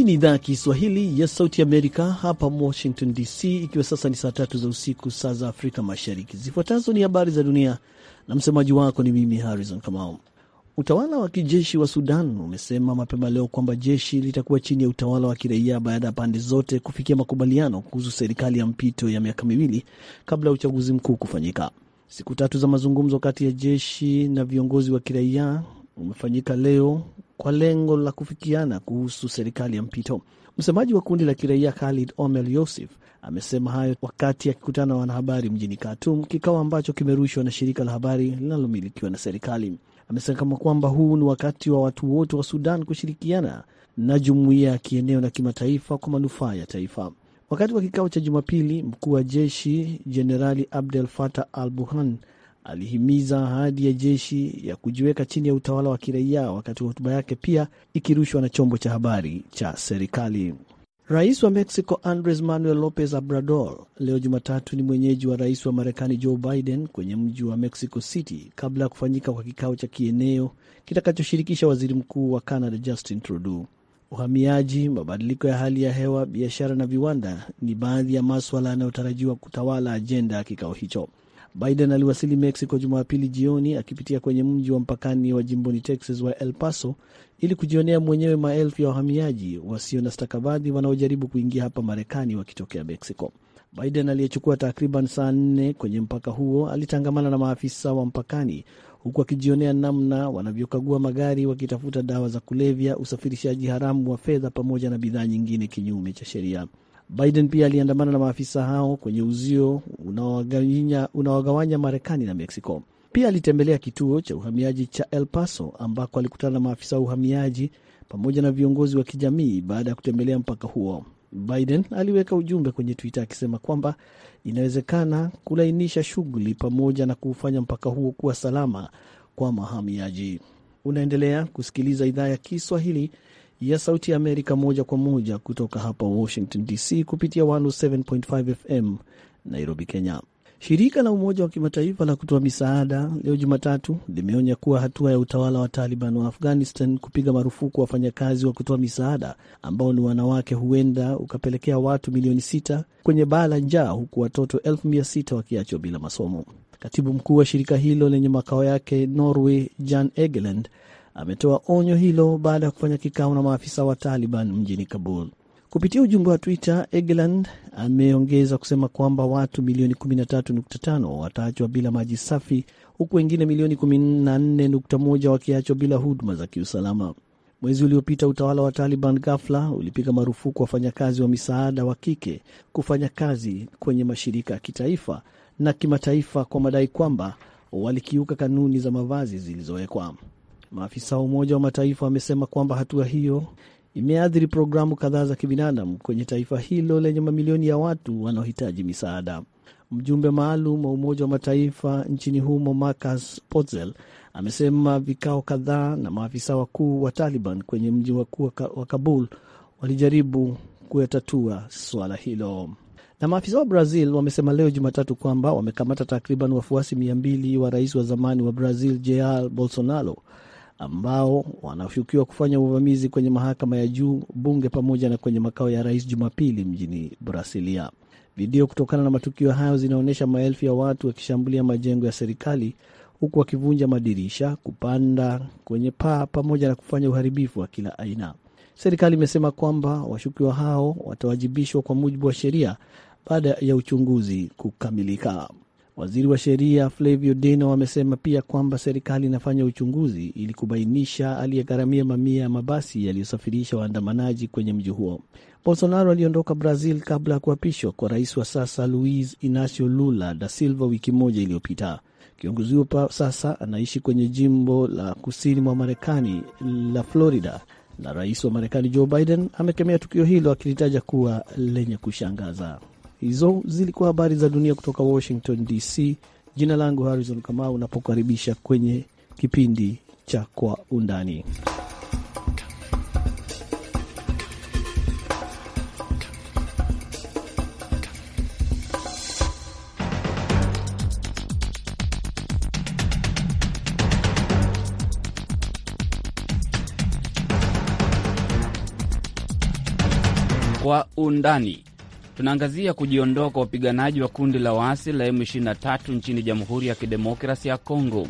Hii ni idhaa ya Kiswahili ya Sauti Amerika hapa Washington DC, ikiwa sasa ni saa tatu za usiku saa za Afrika Mashariki. Zifuatazo ni habari za dunia na msemaji wako ni mimi Harrison Kamau. Utawala wa kijeshi wa Sudan umesema mapema leo kwamba jeshi litakuwa chini ya utawala wa kiraia baada ya pande zote kufikia makubaliano kuhusu serikali ya mpito ya miaka miwili kabla ya uchaguzi mkuu kufanyika. Siku tatu za mazungumzo kati ya jeshi na viongozi wa kiraia umefanyika leo kwa lengo la kufikiana kuhusu serikali ya mpito. Msemaji wa kundi la kiraia Khalid Omel yosef amesema hayo wakati akikutana na wanahabari mjini Khartoum, kikao ambacho kimerushwa na shirika la habari linalomilikiwa na serikali. Amesema kama kwamba huu ni wakati wa watu wote wa Sudan kushirikiana na jumuiya ya kieneo na kimataifa kwa manufaa ya taifa. Wakati wa kikao cha Jumapili, mkuu wa jeshi Jenerali Abdel Fattah al Burhan alihimiza ahadi ya jeshi ya kujiweka chini ya utawala wa kiraia, wakati hotuba yake pia ikirushwa na chombo cha habari cha serikali. Rais wa Mexico Andres Manuel Lopez Obrador leo Jumatatu ni mwenyeji wa rais wa Marekani Joe Biden kwenye mji wa Mexico City kabla ya kufanyika kwa kikao cha kieneo kitakachoshirikisha waziri mkuu wa Canada Justin Trudeau. Uhamiaji, mabadiliko ya hali ya hewa, biashara na viwanda ni baadhi ya maswala yanayotarajiwa kutawala ajenda ya kikao hicho. Biden aliwasili Mexico Jumapili jioni akipitia kwenye mji wa mpakani wa jimboni Texas wa El Paso ili kujionea mwenyewe maelfu ya wahamiaji wasio na stakabadhi wanaojaribu kuingia hapa Marekani wakitokea Mexico. Biden aliyechukua takriban saa nne kwenye mpaka huo alitangamana na maafisa wa mpakani huku akijionea namna wanavyokagua magari wakitafuta dawa za kulevya, usafirishaji haramu wa fedha pamoja na bidhaa nyingine kinyume cha sheria. Biden pia aliandamana na maafisa hao kwenye uzio unaogawanya Marekani na Mexico. Pia alitembelea kituo cha uhamiaji cha El Paso ambako alikutana na maafisa wa uhamiaji pamoja na viongozi wa kijamii baada ya kutembelea mpaka huo. Biden aliweka ujumbe kwenye Twitter akisema kwamba inawezekana kulainisha shughuli pamoja na kuufanya mpaka huo kuwa salama kwa mahamiaji. Unaendelea kusikiliza idhaa ya Kiswahili ya Sauti ya Amerika moja kwa moja kutoka hapa Washington DC kupitia 107.5 FM Nairobi, Kenya. Shirika la Umoja wa Kimataifa la kutoa misaada leo Jumatatu limeonya kuwa hatua ya utawala wa Taliban wa Afghanistan kupiga marufuku wafanyakazi wa kutoa misaada ambao ni wanawake huenda ukapelekea watu milioni sita kwenye baa la njaa huku watoto elfu mia sita wakiachwa bila masomo. Katibu mkuu wa shirika hilo lenye makao yake Norway, Jan Egeland ametoa onyo hilo baada ya kufanya kikao na maafisa wa Taliban mjini Kabul. Kupitia ujumbe wa Twitter, Egeland ameongeza kusema kwamba watu milioni 13.5 wataachwa bila maji safi, huku wengine milioni 14.1 wakiachwa bila huduma za kiusalama. Mwezi uliopita utawala wa Taliban ghafla ulipiga marufuku wafanyakazi wa misaada wa kike kufanya kazi kwenye mashirika ya kitaifa na kimataifa kwa madai kwamba walikiuka kanuni za mavazi zilizowekwa. Maafisa wa Umoja wa Mataifa wamesema kwamba hatua hiyo imeathiri programu kadhaa za kibinadamu kwenye taifa hilo lenye mamilioni ya watu wanaohitaji misaada. Mjumbe maalum wa Umoja wa Mataifa nchini humo Marcus Potzel amesema vikao kadhaa na maafisa wakuu wa Taliban kwenye mji mkuu wa Kabul walijaribu kuyatatua suala hilo. Na maafisa wa Brazil wamesema leo Jumatatu kwamba wamekamata takriban wafuasi mia mbili wa rais wa zamani wa Brazil Jair Bolsonaro ambao wanashukiwa kufanya uvamizi kwenye mahakama ya juu, bunge pamoja na kwenye makao ya rais Jumapili mjini Brasilia. Video kutokana na matukio hayo zinaonyesha maelfu ya watu wakishambulia majengo ya serikali huku wakivunja madirisha, kupanda kwenye paa pamoja na kufanya uharibifu wa kila aina. Serikali imesema kwamba washukiwa hao watawajibishwa kwa mujibu wa sheria baada ya uchunguzi kukamilika. Waziri wa sheria Flavio Dino amesema pia kwamba serikali inafanya uchunguzi ili kubainisha aliyegharamia mamia ya mabasi yaliyosafirisha waandamanaji kwenye mji huo. Bolsonaro aliondoka Brazil kabla ya kuapishwa kwa rais wa sasa Luiz Inacio Lula da Silva wiki moja iliyopita. Kiongozi huyo sasa anaishi kwenye jimbo la kusini mwa Marekani la Florida, na rais wa Marekani Joe Biden amekemea tukio hilo akilitaja kuwa lenye kushangaza. Hizo zilikuwa habari za dunia kutoka Washington DC. Jina langu Harrison Kamau, unapokaribisha kwenye kipindi cha Kwa Undani. Kwa Undani. Tunaangazia kujiondoa kwa wapiganaji wa kundi la waasi la M23 nchini Jamhuri ya Kidemokrasi ya Kongo.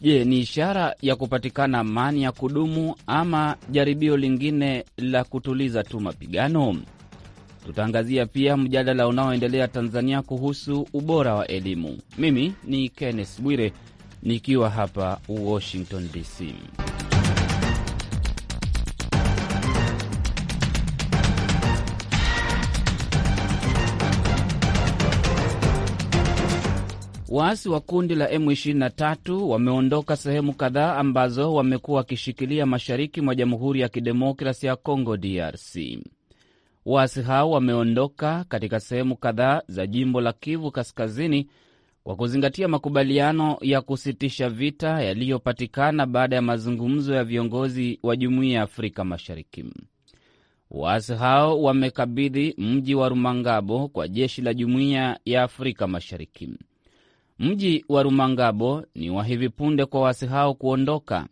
Je, ni ishara ya kupatikana amani ya kudumu ama jaribio lingine la kutuliza tu mapigano? Tutaangazia pia mjadala unaoendelea Tanzania kuhusu ubora wa elimu. Mimi ni Kenneth Bwire nikiwa hapa Washington DC. Waasi wa kundi la M23 wameondoka sehemu kadhaa ambazo wamekuwa wakishikilia mashariki mwa Jamhuri ya Kidemokrasi ya congo DRC. Waasi hao wameondoka katika sehemu kadhaa za jimbo la Kivu Kaskazini kwa kuzingatia makubaliano ya kusitisha vita yaliyopatikana baada ya mazungumzo ya viongozi wa Jumuiya ya Afrika Mashariki. Waasi hao wamekabidhi mji wa Rumangabo kwa jeshi la Jumuiya ya Afrika Mashariki. Mji wa Rumangabo ni wa hivi punde kwa waasi hao kuondoka.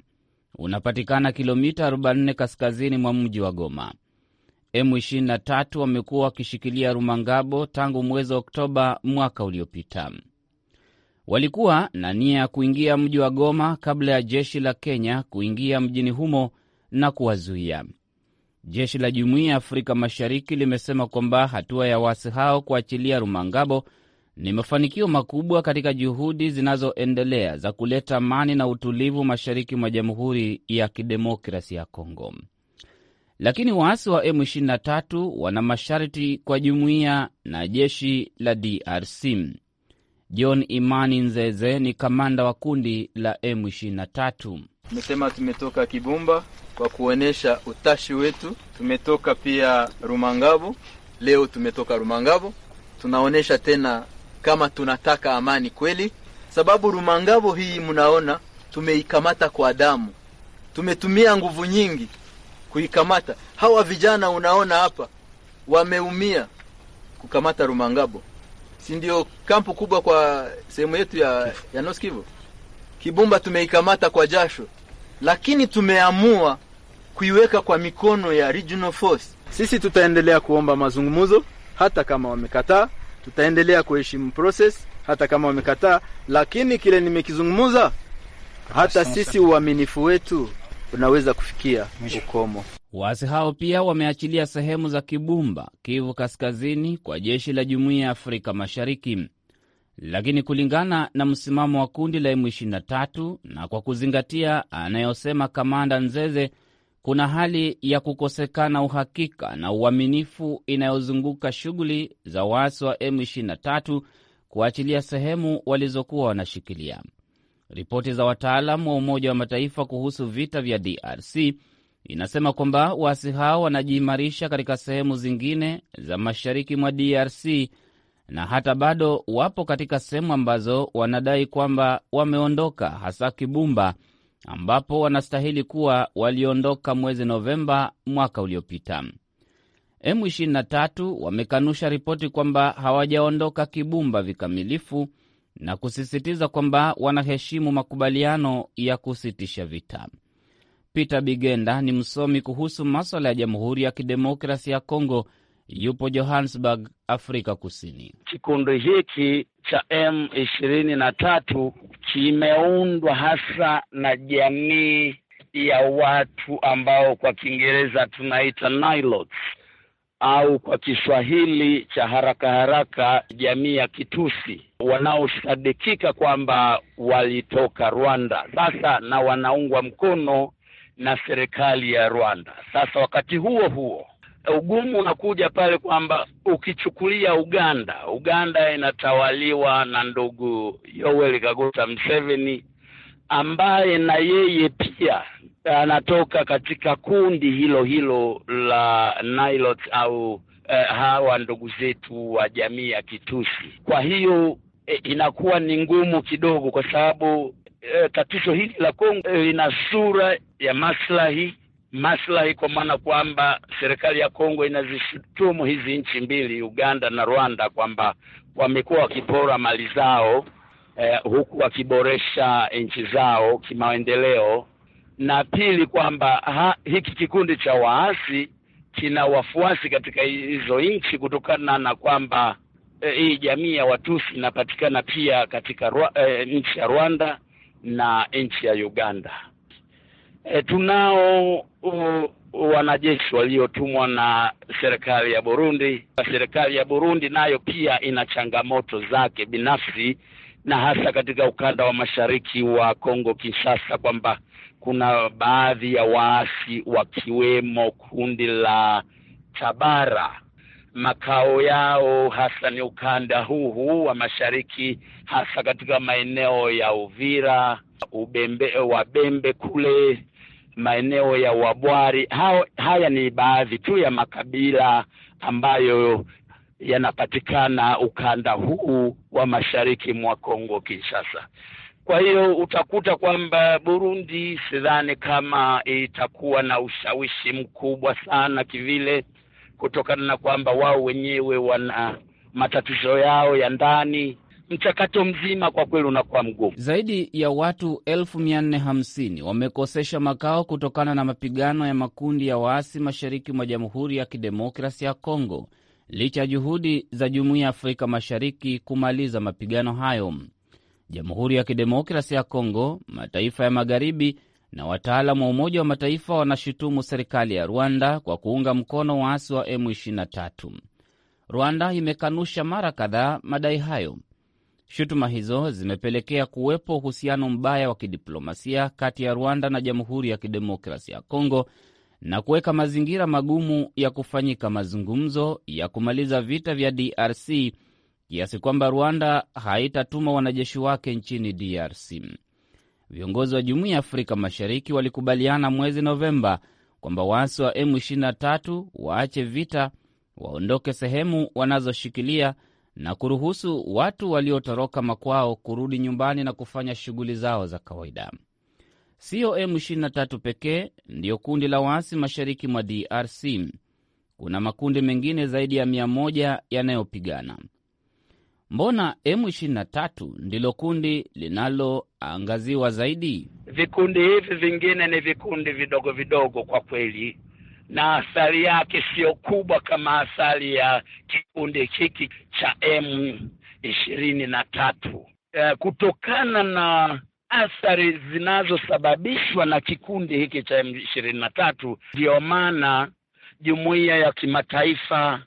Unapatikana kilomita 44 kaskazini mwa mji wa Goma. M23 wamekuwa wakishikilia Rumangabo tangu mwezi wa Oktoba mwaka uliopita. Walikuwa na nia ya kuingia mji wa Goma kabla ya jeshi la Kenya kuingia mjini humo na kuwazuia. Jeshi la Jumuiya ya Afrika Mashariki limesema kwamba hatua ya waasi hao kuachilia Rumangabo ni mafanikio makubwa katika juhudi zinazoendelea za kuleta amani na utulivu mashariki mwa Jamhuri ya Kidemokrasi ya Kongo. Lakini waasi wa M23 wana masharti kwa jumuiya na jeshi la DRC. John Imani Nzeze ni kamanda wa kundi la M23. Tumesema tumetoka Kibumba kwa kuonyesha utashi wetu, tumetoka pia Rumangabu, leo tumetoka Rumangabu, tunaonyesha tena kama tunataka amani kweli, sababu Rumangabo hii mnaona tumeikamata kwa damu, tumetumia nguvu nyingi kuikamata. Hawa vijana unaona hapa wameumia kukamata Rumangabo, si ndio? Kampu kubwa kwa sehemu yetu ya, ya North Kivu. Kibumba tumeikamata kwa jasho, lakini tumeamua kuiweka kwa mikono ya regional force. Sisi tutaendelea kuomba mazungumzo hata kama wamekataa tutaendelea kuheshimu process hata kama wamekataa, lakini kile nimekizungumza, hata sisi uaminifu wetu unaweza kufikia ukomo. Waasi hao pia wameachilia sehemu za Kibumba, Kivu Kaskazini, kwa jeshi la Jumuiya ya Afrika Mashariki. Lakini kulingana na msimamo wa kundi la M23 na kwa kuzingatia anayosema Kamanda Nzeze kuna hali ya kukosekana uhakika na uaminifu inayozunguka shughuli za waasi wa M23 kuachilia sehemu walizokuwa wanashikilia. Ripoti za wataalam wa Umoja wa Mataifa kuhusu vita vya DRC inasema kwamba waasi hao wanajiimarisha katika sehemu zingine za mashariki mwa DRC na hata bado wapo katika sehemu ambazo wanadai kwamba wameondoka, hasa Kibumba ambapo wanastahili kuwa waliondoka mwezi Novemba mwaka uliopita. M23 wamekanusha ripoti kwamba hawajaondoka Kibumba vikamilifu na kusisitiza kwamba wanaheshimu makubaliano ya kusitisha vita. Peter Bigenda ni msomi kuhusu maswala ya Jamhuri ya Kidemokrasi ya Kongo, yupo Johannesburg, Afrika Kusini. Kikundi hiki cha M ishirini na tatu kimeundwa hasa na jamii ya watu ambao kwa Kiingereza tunaita Nilots au kwa Kiswahili cha haraka haraka jamii ya Kitusi wanaosadikika kwamba walitoka Rwanda sasa na wanaungwa mkono na serikali ya Rwanda. Sasa wakati huo huo ugumu unakuja pale kwamba ukichukulia Uganda, Uganda inatawaliwa na ndugu Yoweri Kaguta Museveni ambaye na yeye pia anatoka katika kundi hilo hilo la Nilot au eh, hawa ndugu zetu wa jamii ya Kitusi. Kwa hiyo eh, inakuwa ni ngumu kidogo, kwa sababu eh, tatizo hili la Kongo eh, ina sura ya maslahi maslahi, kwa maana kwamba serikali ya Kongo inazishutumu hizi nchi mbili, Uganda na Rwanda, kwamba wamekuwa wakipora mali zao eh, huku wakiboresha nchi zao kimaendeleo, na pili kwamba hiki kikundi cha waasi kina wafuasi katika hizo nchi kutokana na kwamba eh, hii e, jamii ya Watusi inapatikana pia katika e, nchi ya Rwanda na nchi ya Uganda. E, tunao wanajeshi waliotumwa na serikali ya Burundi. Serikali ya Burundi nayo pia ina changamoto zake binafsi, na hasa katika ukanda wa mashariki wa Kongo Kinshasa, kwamba kuna baadhi ya waasi wakiwemo kundi la Tabara makao yao hasa ni ukanda huu huu wa mashariki, hasa katika maeneo ya Uvira, Ubembe, Wabembe kule maeneo ya Wabwari. Hao, haya ni baadhi tu ya makabila ambayo yanapatikana ukanda huu wa mashariki mwa Kongo Kinshasa. Kwa hiyo utakuta kwamba Burundi sidhani kama itakuwa na ushawishi mkubwa sana kivile, kutokana na kwamba wao wenyewe wana matatizo yao ya ndani mchakato mzima kwa kweli unakuwa mgumu. Zaidi ya watu elfu mia nne hamsini wamekosesha makao kutokana na mapigano ya makundi ya waasi mashariki mwa Jamhuri ya Kidemokrasi ya Kongo, licha ya juhudi za Jumuiya ya Afrika Mashariki kumaliza mapigano hayo. Jamhuri ya Kidemokrasi ya Kongo, mataifa ya magharibi na wataalamu wa Umoja wa Mataifa wanashutumu serikali ya Rwanda kwa kuunga mkono waasi wa M23. Rwanda imekanusha mara kadhaa madai hayo. Shutuma hizo zimepelekea kuwepo uhusiano mbaya wa kidiplomasia kati ya Rwanda na Jamhuri ya Kidemokrasia ya Kongo na kuweka mazingira magumu ya kufanyika mazungumzo ya kumaliza vita vya DRC kiasi kwamba Rwanda haitatuma wanajeshi wake nchini DRC. Viongozi wa Jumuiya ya Afrika Mashariki walikubaliana mwezi Novemba kwamba waasi wa M23 waache vita, waondoke sehemu wanazoshikilia na kuruhusu watu waliotoroka makwao kurudi nyumbani na kufanya shughuli zao za kawaida. Siyo M23 pekee ndiyo kundi la waasi mashariki mwa DRC. Kuna makundi mengine zaidi ya mia yanayopigana. Mbona M23 ndilo kundi linaloangaziwa zaidi? Vikundi hivi vingine ni vikundi vidogo vidogo kwa kweli, na athari yake siyo kubwa kama athari ya kikundi hiki cha M ishirini na tatu e, kutokana na athari zinazosababishwa na kikundi hiki cha M ishirini na tatu. Ndiyo maana jumuiya ya kimataifa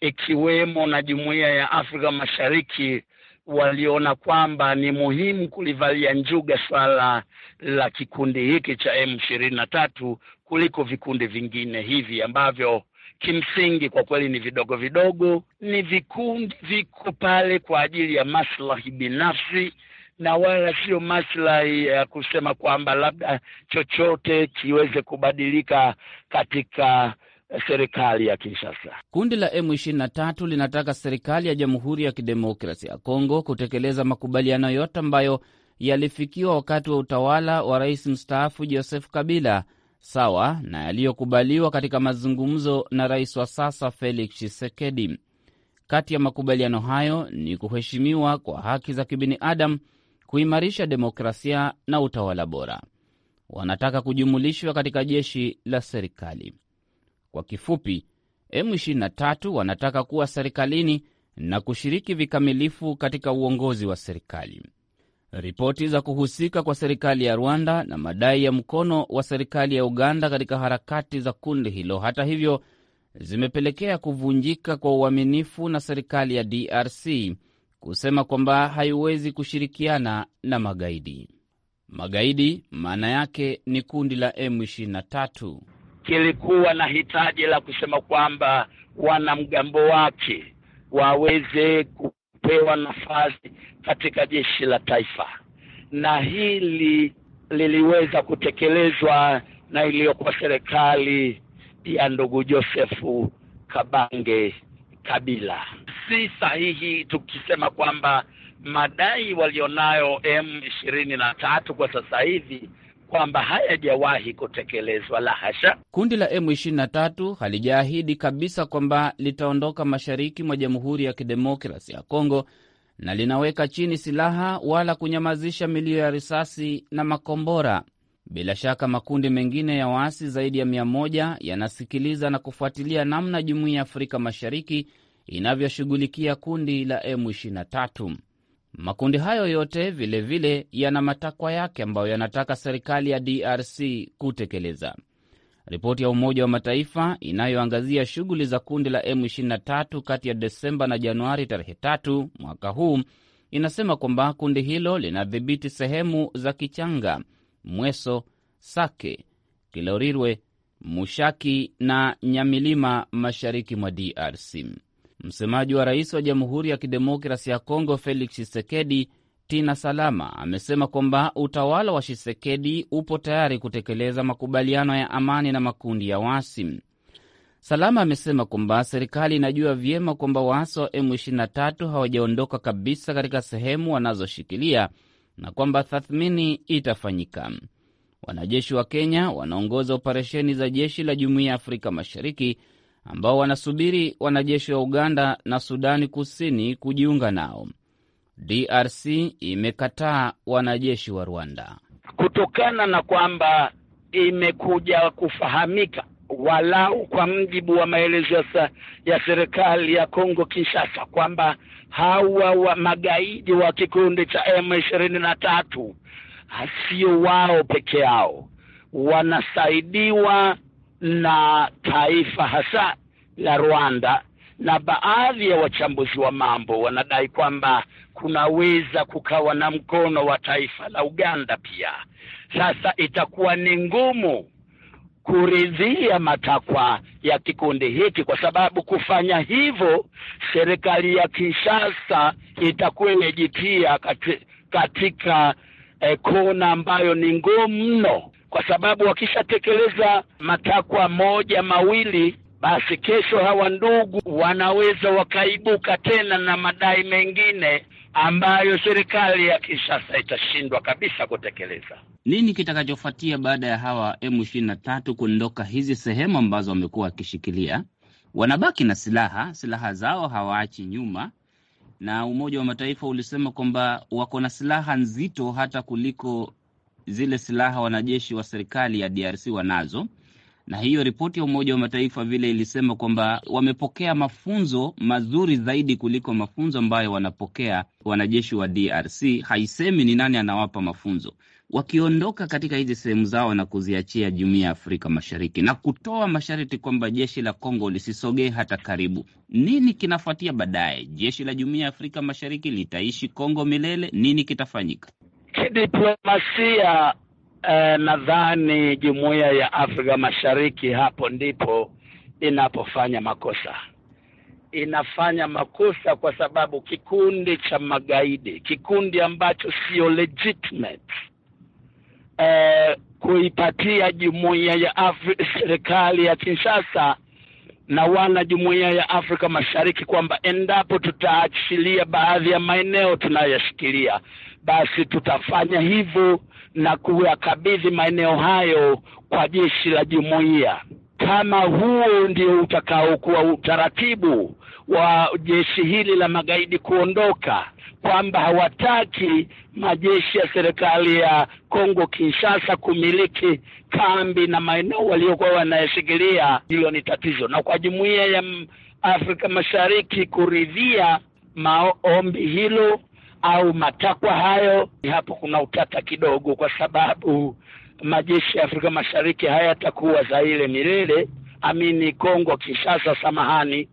ikiwemo na jumuiya ya Afrika Mashariki waliona kwamba ni muhimu kulivalia njuga swala la kikundi hiki cha M ishirini na tatu kuliko vikundi vingine hivi ambavyo kimsingi kwa kweli ni vidogo vidogo, ni vikundi viko pale kwa ajili ya maslahi binafsi na wala sio maslahi ya kusema kwamba labda chochote kiweze kubadilika katika serikali ya Kinshasa. Kundi la M23 linataka serikali ya Jamhuri ya Kidemokrasia ya Kongo kutekeleza makubaliano yote ambayo yalifikiwa wakati wa utawala wa rais mstaafu Joseph Kabila sawa na yaliyokubaliwa katika mazungumzo na rais wa sasa Felix Tshisekedi. Kati ya makubaliano hayo ni kuheshimiwa kwa haki za kibinadamu, kuimarisha demokrasia na utawala bora. Wanataka kujumulishwa katika jeshi la serikali. Kwa kifupi, M23 wanataka kuwa serikalini na kushiriki vikamilifu katika uongozi wa serikali. Ripoti za kuhusika kwa serikali ya Rwanda na madai ya mkono wa serikali ya Uganda katika harakati za kundi hilo, hata hivyo, zimepelekea kuvunjika kwa uaminifu na serikali ya DRC kusema kwamba haiwezi kushirikiana na magaidi. Magaidi maana yake ni kundi la M23. Kilikuwa na hitaji la kusema kwamba wanamgambo wake waweze kupewa nafasi katika jeshi la taifa, na hili liliweza kutekelezwa na iliyokuwa serikali ya ndugu Josefu Kabange Kabila. Si sahihi tukisema kwamba madai walionayo M ishirini na tatu kwa sasa hivi kwamba hayajawahi kutekelezwa, la hasha. Kundi la M23 halijaahidi kabisa kwamba litaondoka mashariki mwa Jamhuri ya Kidemokrasi ya Kongo na linaweka chini silaha wala kunyamazisha milio ya risasi na makombora. Bila shaka makundi mengine ya waasi zaidi ya mia moja yanasikiliza na kufuatilia namna jumuiya ya Afrika Mashariki inavyoshughulikia kundi la M23. Makundi hayo yote vilevile yana matakwa yake ambayo yanataka serikali ya DRC kutekeleza. Ripoti ya Umoja wa Mataifa inayoangazia shughuli za kundi la M23 kati ya Desemba na Januari tarehe mwaka huu inasema kwamba kundi hilo linadhibiti sehemu za Kichanga, Mweso, Sake, Kilorirwe, Mushaki na Nyamilima mashariki mwa DRC. Msemaji wa rais wa Jamhuri ya Kidemokrasi ya Kongo Felix Tshisekedi, Tina Salama, amesema kwamba utawala wa Tshisekedi upo tayari kutekeleza makubaliano ya amani na makundi ya waasi. Salama amesema kwamba serikali inajua vyema kwamba waasi wa M23 hawajaondoka kabisa katika sehemu wanazoshikilia na kwamba tathmini itafanyika. Wanajeshi wa Kenya wanaongoza operesheni za jeshi la Jumuiya ya Afrika Mashariki ambao wanasubiri wanajeshi wa Uganda na Sudani Kusini kujiunga nao. DRC imekataa wanajeshi wa Rwanda kutokana na kwamba imekuja kufahamika walau kwa mjibu wa maelezo ya serikali ya Kongo Kinshasa kwamba hawa wa magaidi wa kikundi cha m tatu sio wao peke yao, wanasaidiwa na taifa hasa la Rwanda, na baadhi ya wachambuzi wa mambo wanadai kwamba kunaweza kukawa na mkono wa taifa la Uganda pia. Sasa itakuwa ni ngumu kuridhia matakwa ya kikundi hiki, kwa sababu kufanya hivyo serikali ya Kinshasa itakuwa imejitia katika, katika eh, kona ambayo ni ngumu mno kwa sababu wakishatekeleza matakwa moja mawili, basi kesho hawa ndugu wanaweza wakaibuka tena na madai mengine ambayo serikali ya Kinshasa itashindwa kabisa kutekeleza. Nini kitakachofuatia baada ya hawa M23 kuondoka hizi sehemu ambazo wamekuwa wakishikilia? Wanabaki na silaha, silaha zao hawaachi nyuma, na Umoja wa Mataifa ulisema kwamba wako na silaha nzito hata kuliko zile silaha wanajeshi wa serikali ya DRC wanazo, na hiyo ripoti ya Umoja wa Mataifa vile ilisema kwamba wamepokea mafunzo mazuri zaidi kuliko mafunzo ambayo wanapokea wanajeshi wa DRC. Haisemi ni nani anawapa mafunzo wakiondoka katika hizi sehemu zao na kuziachia jumuiya ya Afrika Mashariki na kutoa masharti kwamba jeshi la Kongo lisisogee hata karibu. Nini kinafuatia baadaye? Jeshi la jumuiya ya Afrika Mashariki litaishi Kongo milele? Nini kitafanyika? Kidiplomasia eh, nadhani jumuiya ya Afrika Mashariki hapo ndipo inapofanya makosa. Inafanya makosa kwa sababu kikundi cha magaidi, kikundi ambacho sio legitimate eh, kuipatia jumuiya ya serikali ya Kinshasa na wana jumuiya ya Afrika Mashariki kwamba endapo tutaachilia baadhi ya maeneo tunayoyashikilia basi tutafanya hivyo na kuyakabidhi maeneo hayo kwa jeshi la jumuiya. Kama huo ndio utakaokuwa utaratibu wa jeshi hili la magaidi kuondoka, kwamba hawataki majeshi ya serikali ya Kongo Kinshasa kumiliki kambi na maeneo waliokuwa wanayashikilia, hilo ni tatizo, na kwa jumuiya ya Afrika Mashariki kuridhia maombi hilo au matakwa hayo, hapo kuna utata kidogo, kwa sababu majeshi ya Afrika Mashariki hayatakuwa Zaire milele, amini Kongo Kinshasa, samahani.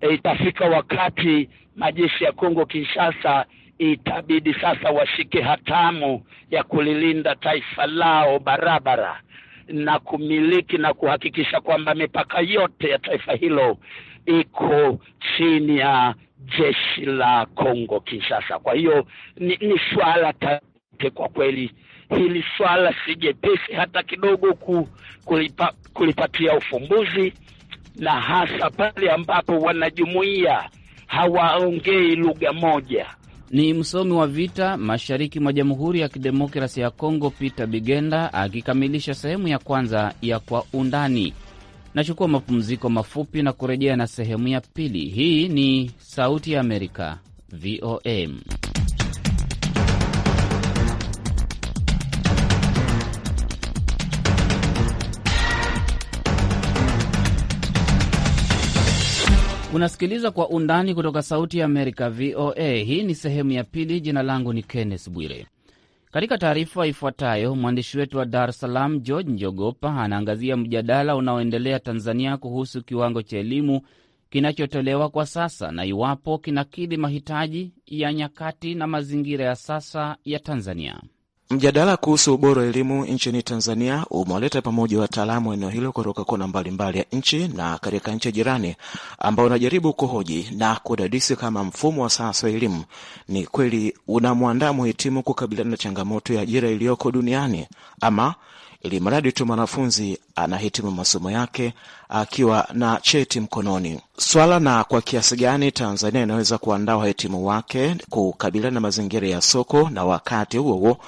E, itafika wakati majeshi ya Kongo Kinshasa itabidi sasa washike hatamu ya kulilinda taifa lao barabara na kumiliki na kuhakikisha kwamba mipaka yote ya taifa hilo iko chini ya jeshi la Kongo Kinshasa. Kwa hiyo ni, ni swala tate kwa kweli, hili swala si jepesi hata kidogo ku, kulipa, kulipatia ufumbuzi na hasa pale ambapo wanajumuia hawaongei lugha moja. Ni msomi wa vita mashariki mwa Jamhuri ya Kidemokrasi ya Kongo Peter Bigenda akikamilisha sehemu ya kwanza ya Kwa Undani. Nachukua mapumziko mafupi na kurejea na sehemu ya pili. Hii ni Sauti ya Amerika, VOM. Unasikiliza Kwa Undani kutoka Sauti ya Amerika, VOA. Hii ni sehemu ya pili. Jina langu ni Kenneth Bwire. Katika taarifa ifuatayo, mwandishi wetu wa Dar es Salaam George Njogopa anaangazia mjadala unaoendelea Tanzania kuhusu kiwango cha elimu kinachotolewa kwa sasa na iwapo kinakidhi mahitaji ya nyakati na mazingira ya sasa ya Tanzania. Mjadala kuhusu ubora wa elimu nchini Tanzania umewaleta pamoja wataalamu wa eneo hilo kutoka kona mbalimbali ya nchi na katika nchi jirani, ambao unajaribu kuhoji na kudadisi kama mfumo wa sasa wa elimu ni kweli unamwandaa muhitimu kukabiliana na changamoto ya ajira iliyoko duniani ama ili mradi tu mwanafunzi anahitimu masomo yake akiwa na cheti mkononi. Swala na kwa kiasi gani Tanzania inaweza kuandaa wahitimu wake kukabiliana na mazingira ya soko na wakati huo huo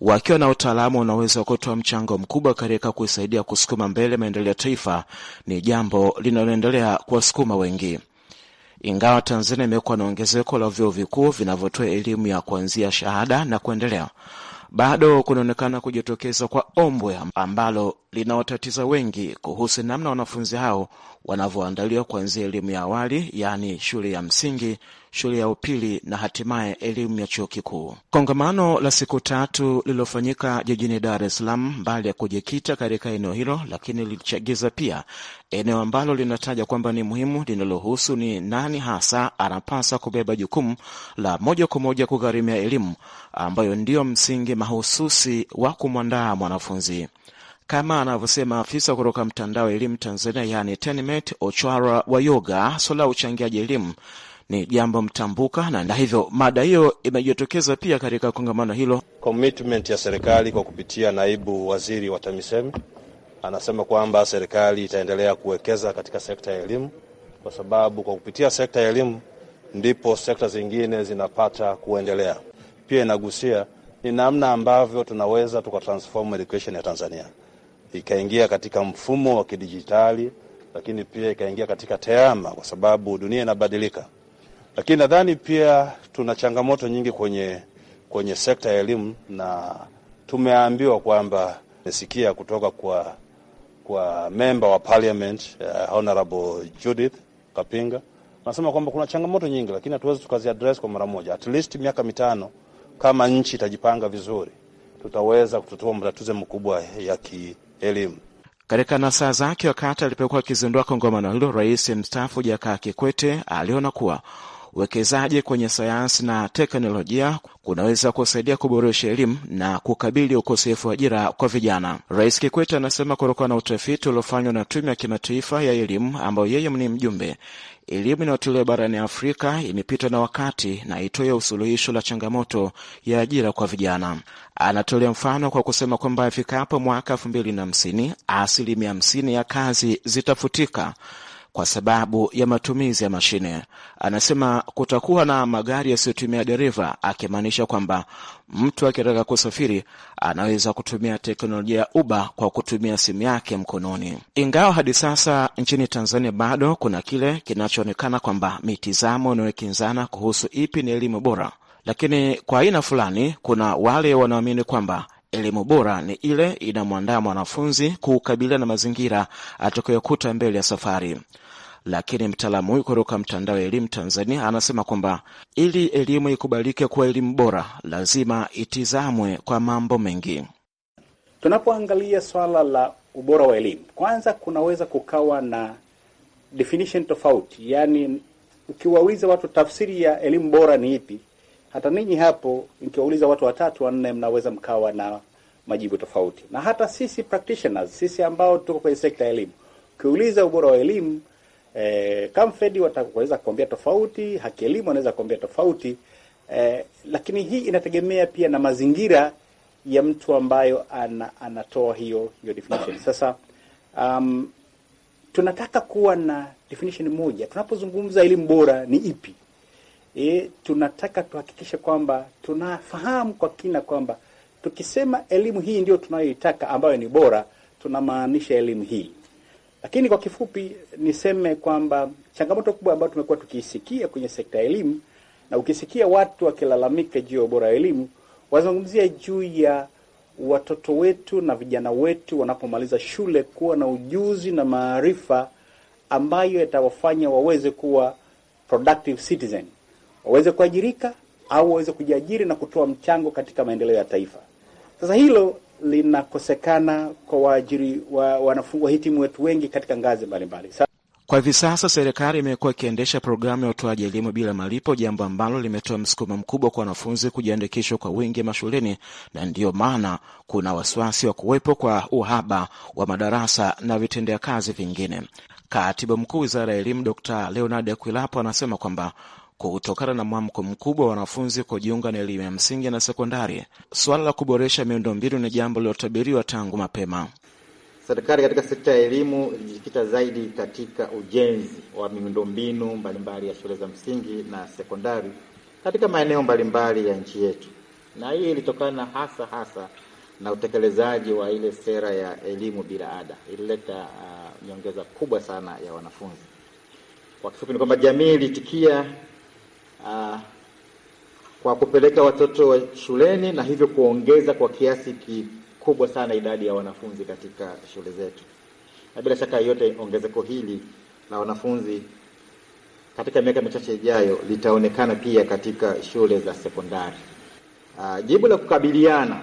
wakiwa na utaalamu unaweza kutoa mchango mkubwa katika kuisaidia kusukuma mbele maendeleo ya taifa, ni jambo linaloendelea kuwasukuma wengi. Ingawa Tanzania imekuwa na ongezeko la vyuo vikuu vinavyotoa elimu ya kuanzia shahada na kuendelea, bado kunaonekana kujitokeza kwa ombwe ambalo linawatatiza wengi kuhusu namna wanafunzi hao wanavyoandaliwa kuanzia elimu ya awali yaani shule ya msingi, shule ya upili na hatimaye elimu ya chuo kikuu. Kongamano la siku tatu lililofanyika jijini Dar es Salaam, mbali ya kujikita katika eneo hilo, lakini lilichagiza pia eneo ambalo linataja kwamba ni muhimu linalohusu ni nani hasa anapasa kubeba jukumu la moja kwa moja kugharimia elimu ambayo ndiyo msingi mahususi wa kumwandaa mwanafunzi kama anavyosema afisa kutoka mtandao wa elimu Tanzania, yani TENMET, Ochwara yoga swala ya uchangiaji elimu ni jambo mtambuka, na hivyo mada hiyo imejitokeza pia katika kongamano hilo. Commitment ya serikali kwa kupitia naibu waziri wa TAMISEMI anasema kwamba serikali itaendelea kuwekeza katika sekta ya elimu, kwa sababu kwa kupitia sekta ya elimu ndipo sekta zingine zinapata kuendelea. Pia inagusia ni namna ambavyo tunaweza tukatransform education ya Tanzania ikaingia katika mfumo wa kidijitali, lakini pia ikaingia katika tehama, kwa sababu dunia inabadilika. Lakini nadhani pia tuna changamoto nyingi kwenye, kwenye sekta ya elimu, na tumeambiwa kwamba mesikia kutoka kwa, kwa memba wa parliament uh, Honorable Judith Kapinga anasema kwamba kuna changamoto nyingi, lakini hatuwezi tukaziaddress kwa mara moja. At least miaka mitano, kama nchi itajipanga vizuri, tutaweza kutatua matatizo makubwa ya ki elimu. Katika nasaa zake wakati alipokuwa akizindua kongamano hilo, rais mstaafu Jakaya Kikwete aliona kuwa uwekezaji kwenye sayansi na teknolojia kunaweza kusaidia kuboresha elimu na kukabili ukosefu wa ajira kwa vijana. Rais Kikwete anasema kutokana na utafiti uliofanywa na tume ya kimataifa ya elimu ambayo yeye ni mjumbe elimu inayotolewa barani Afrika imepitwa na wakati na itoe usuluhisho la changamoto ya ajira kwa vijana. Anatolea mfano kwa kusema kwamba ifikapo mwaka elfu mbili na hamsini asilimia hamsini ya kazi zitafutika kwa sababu ya matumizi ya mashine. Anasema kutakuwa na magari yasiyotumia dereva, akimaanisha kwamba mtu akitaka kusafiri anaweza kutumia teknolojia ya Uber kwa kutumia simu yake mkononi. Ingawa hadi sasa nchini Tanzania bado kuna kile kinachoonekana kwamba mitizamo inayokinzana kuhusu ipi ni elimu bora, lakini kwa aina fulani kuna wale wanaamini kwamba elimu bora ni ile inamwandaa mwanafunzi kukabiliana na mazingira atakayokuta mbele ya safari. Lakini mtaalamu huyu kutoka mtandao wa elimu Tanzania anasema kwamba ili elimu ikubalike kuwa elimu bora, lazima itizamwe kwa mambo mengi. Tunapoangalia swala la ubora wa elimu, kwanza kunaweza kukawa na definition tofauti, yaani ukiwauliza watu tafsiri ya elimu bora ni ipi, hata ninyi hapo nikiwauliza watu watatu wanne, mnaweza mkawa na majibu tofauti. Na hata sisi practitioners, sisi ambao tuko kwenye sekta ya elimu, ukiuliza ubora wa elimu eh, kamfedi wataweza kuambia tofauti, Haki Elimu anaweza kuambia tofauti eh, lakini hii inategemea pia na mazingira ya mtu ambayo ana, anatoa hiyo hiyo definition. Sasa um, tunataka kuwa na definition moja tunapozungumza elimu bora ni ipi? e, tunataka tuhakikishe kwamba tunafahamu kwa kina kwamba tukisema elimu hii ndio tunayoitaka ambayo ni bora, tunamaanisha elimu hii. Lakini kwa kifupi niseme kwamba changamoto kubwa ambayo tumekuwa tukiisikia kwenye sekta ya elimu, na ukisikia watu wakilalamika juu ya ubora wa elimu, wazungumzia juu ya watoto wetu na vijana wetu wanapomaliza shule kuwa na ujuzi na maarifa ambayo yatawafanya waweze kuwa productive citizen waweze kuajirika au waweze kujiajiri na kutoa mchango katika maendeleo ya taifa. Sasa hilo linakosekana kwa waajiri wa wanafunzi wahitimu wetu wengi katika ngazi mbalimbali. Kwa hivi sasa serikali imekuwa ikiendesha programu ya utoaji elimu bila malipo, jambo ambalo limetoa msukumo mkubwa kwa wanafunzi kujiandikishwa kwa wingi mashuleni, na ndiyo maana kuna wasiwasi wa kuwepo kwa uhaba wa madarasa na vitendea kazi vingine. Katibu mkuu wizara ya elimu, Dr Leonard Akwilapo, anasema kwamba kutokana na mwamko mkubwa wa wanafunzi kujiunga na elimu ya msingi na sekondari. Suala la kuboresha miundombinu ni jambo lilotabiriwa tangu mapema. Serikali katika sekta ya elimu ilijikita zaidi katika ujenzi wa miundombinu mbalimbali ya shule za msingi na sekondari katika maeneo mbalimbali ya nchi yetu, na hii ilitokana hasa hasa na utekelezaji wa ile sera ya elimu bila ada. Ilileta uh, nyongeza kubwa sana ya wanafunzi. Kwa kifupi ni kwamba jamii ilitikia Ah, kwa kupeleka watoto wa shuleni na hivyo kuongeza kwa kiasi kikubwa sana idadi ya wanafunzi katika shule zetu, na bila shaka yote ongezeko hili la wanafunzi katika miaka michache ijayo litaonekana pia katika shule za sekondari. Ah, jibu la kukabiliana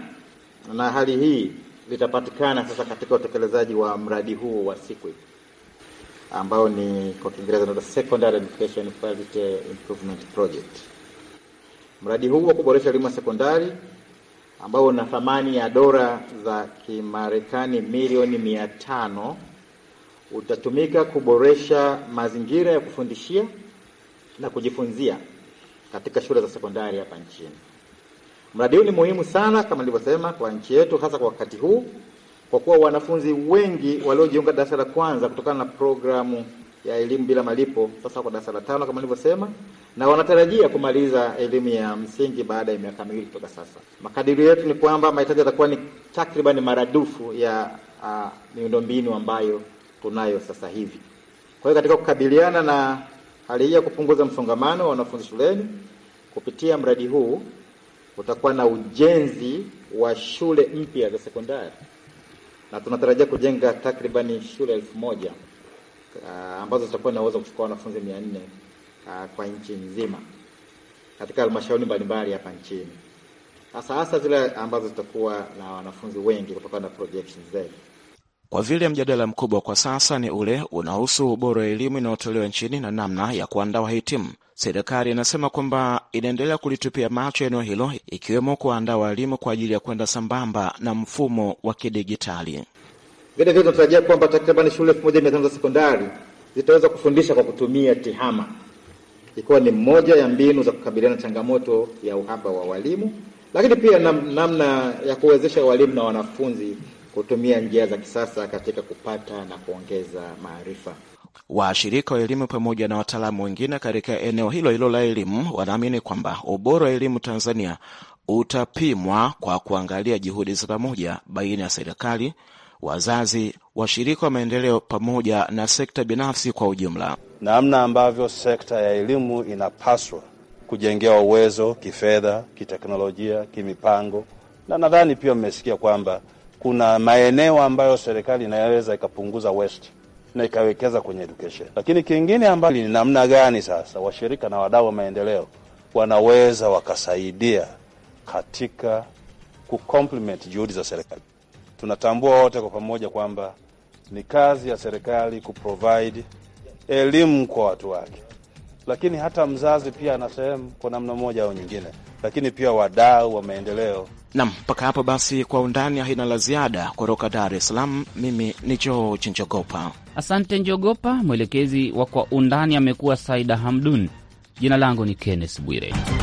na hali hii litapatikana sasa katika utekelezaji wa mradi huu wa SIQUIP ambao ni kwa Kiingereza inaitwa Secondary Education Quality Improvement Project. Mradi huu wa kuboresha elimu ya sekondari ambao una thamani ya dola za Kimarekani milioni mia tano utatumika kuboresha mazingira ya kufundishia na kujifunzia katika shule za sekondari hapa nchini. Mradi huu ni muhimu sana kama nilivyosema, kwa nchi yetu, hasa kwa wakati huu kwa kuwa wanafunzi wengi waliojiunga darasa la kwanza kutokana na programu ya elimu bila malipo sasa kwa darasa la tano kama nilivyosema, na wanatarajia kumaliza elimu ya msingi baada ya miaka miwili kutoka sasa. Makadirio yetu ni kwamba mahitaji yatakuwa ni takriban maradufu ya miundombinu ambayo tunayo sasa hivi. Kwa hiyo katika kukabiliana na hali hii ya kupunguza msongamano wa wanafunzi shuleni kupitia mradi huu, utakuwa na ujenzi wa shule mpya za sekondari na tunatarajia kujenga takribani shule elfu moja uh, ambazo zitakuwa zinaweza kuchukua wanafunzi mia nne uh, kwa nchi nzima katika halmashauri mbalimbali hapa nchini, hasa hasa zile ambazo zitakuwa na wanafunzi wengi kutokana na projections zetu. Kwa vile mjadala mkubwa kwa sasa ni ule unahusu ubora wa elimu inayotolewa nchini na namna ya kuandaa wahitimu, serikali inasema kwamba inaendelea kulitupia macho eneo hilo, ikiwemo kuandaa walimu kwa ajili ya kwenda sambamba na mfumo wa kidijitali. Vile vile tunatarajia kwamba takribani shule elfu moja mia tano za sekondari zitaweza kufundisha kwa kutumia TEHAMA, ikiwa ni moja ya mbinu za kukabiliana na changamoto ya uhaba wa walimu, lakini pia namna ya kuwezesha walimu na wanafunzi kutumia njia za kisasa katika kupata na kuongeza maarifa. Washirika wa elimu pamoja na wataalamu wengine katika eneo hilo hilo la elimu wanaamini kwamba ubora wa elimu Tanzania utapimwa kwa kuangalia juhudi za pamoja baina ya serikali, wazazi, washirika wa maendeleo pamoja na sekta binafsi kwa ujumla, namna ambavyo sekta ya elimu inapaswa kujengewa uwezo kifedha, kiteknolojia, kimipango, na nadhani pia mmesikia kwamba kuna maeneo ambayo serikali inaweza ikapunguza waste na ikawekeza kwenye education. Lakini kingine ambacho ni namna gani sasa washirika na wadau wa maendeleo wanaweza wakasaidia katika kucomplement juhudi za serikali. Tunatambua wote kwa pamoja kwamba ni kazi ya serikali kuprovide elimu kwa watu wake lakini hata mzazi pia ana sehemu kwa namna moja au nyingine, lakini pia wadau wa maendeleo. Nam, mpaka hapo basi, kwa undani haina la ziada kutoka Dar es Salaam. Mimi ni George Njogopa. Asante Njogopa. Mwelekezi wa Kwa Undani amekuwa Saida Hamdun. Jina langu ni Kenneth Bwire.